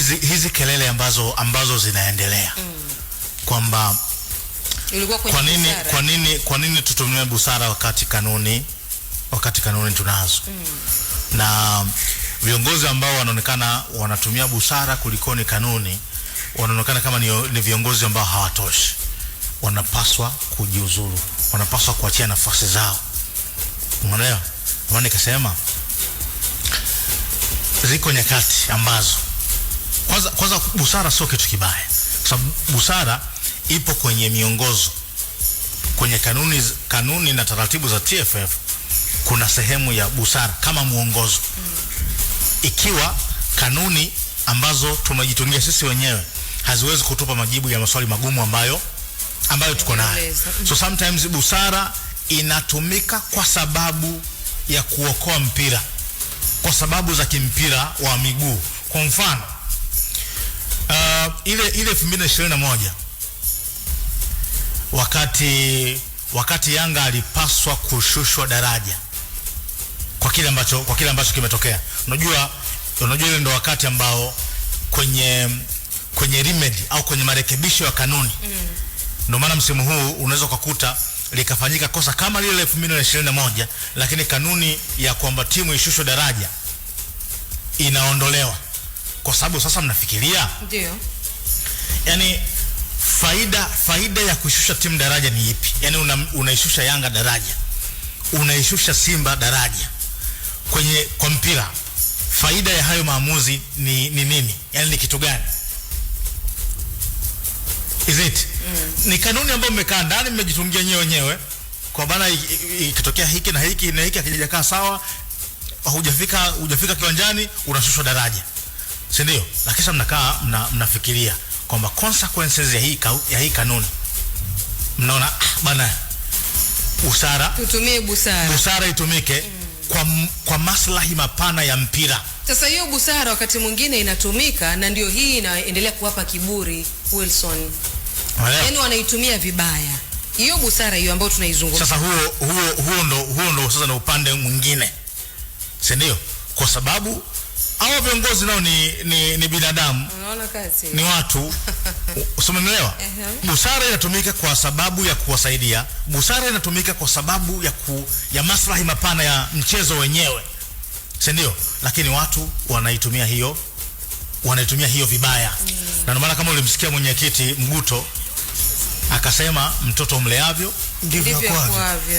hizi, hizi kelele ambazo, ambazo zinaendelea mm. kwamba kwa nini, kwa nini, kwa nini tutumie busara wakati kanuni, wakati kanuni tunazo mm. na viongozi ambao wanaonekana wanatumia busara kulikoni kanuni wanaonekana kama ni, ni viongozi ambao hawatoshi, wanapaswa kujiuzuru, wanapaswa kuachia nafasi zao. Unaelewa Maana nikasema ziko nyakati ambazo kwanza, kwanza busara sio kitu kibaya, kwa sababu busara ipo kwenye miongozo, kwenye kanuni, kanuni na taratibu za TFF kuna sehemu ya busara kama mwongozo. Ikiwa kanuni ambazo tumejitungia sisi wenyewe haziwezi kutupa majibu ya maswali magumu ambayo ambayo tuko nayo, mm-hmm. so sometimes busara inatumika kwa sababu ya kuokoa mpira, kwa sababu za kimpira wa miguu. Kwa mfano ile ile 2021 wakati wakati Yanga alipaswa kushushwa daraja kwa kile ambacho kwa kile ambacho kimetokea. Unajua, unajua ile ndo wakati ambao kwenye kwenye remedy au kwenye marekebisho ya kanuni mm. Ndio maana msimu huu unaweza kukuta likafanyika kosa kama lile 2021 lakini kanuni ya kwamba timu ishushwe daraja inaondolewa kwa sababu sasa mnafikiria ndio, yani faida faida ya kushusha timu daraja ni ipi? Yani una, unaishusha Yanga daraja, unaishusha Simba daraja kwenye kwa mpira, faida ya hayo maamuzi ni, ni nini? Yani ni kitu gani? Is it mm. Ni kanuni ambayo mmekaa ndani mmejitungia nyewe wenyewe kwa bana, ikitokea hiki na hiki na hiki akijakaa sawa, hujafika hujafika kiwanjani, unashushwa daraja si ndio? Na kisha mnakaa mna, mnafikiria kwamba consequences ya hii ka, ya hii kanuni, mnaona ah, bana usara tutumie busara, busara itumike mm. kwa, kwa maslahi mapana ya mpira. Sasa hiyo busara wakati mwingine inatumika na ndio hii inaendelea kuwapa kiburi Wilson, yaani wanaitumia vibaya hiyo busara hiyo ambayo tunaizungumza. Sasa huo huo huo ndo huo ndo sasa na upande mwingine, si ndio? Kwa sababu hawa viongozi nao ni, ni, ni binadamu ni watu usimenielewa. Busara inatumika kwa sababu ya kuwasaidia, busara inatumika kwa sababu ya, ku, ya maslahi mapana ya mchezo wenyewe, si ndio? Lakini watu wanaitumia hiyo, wanaitumia hiyo vibaya mm. na ndio kama ulimsikia mwenyekiti Mguto akasema mtoto mleavyo ndivyo akuavyo.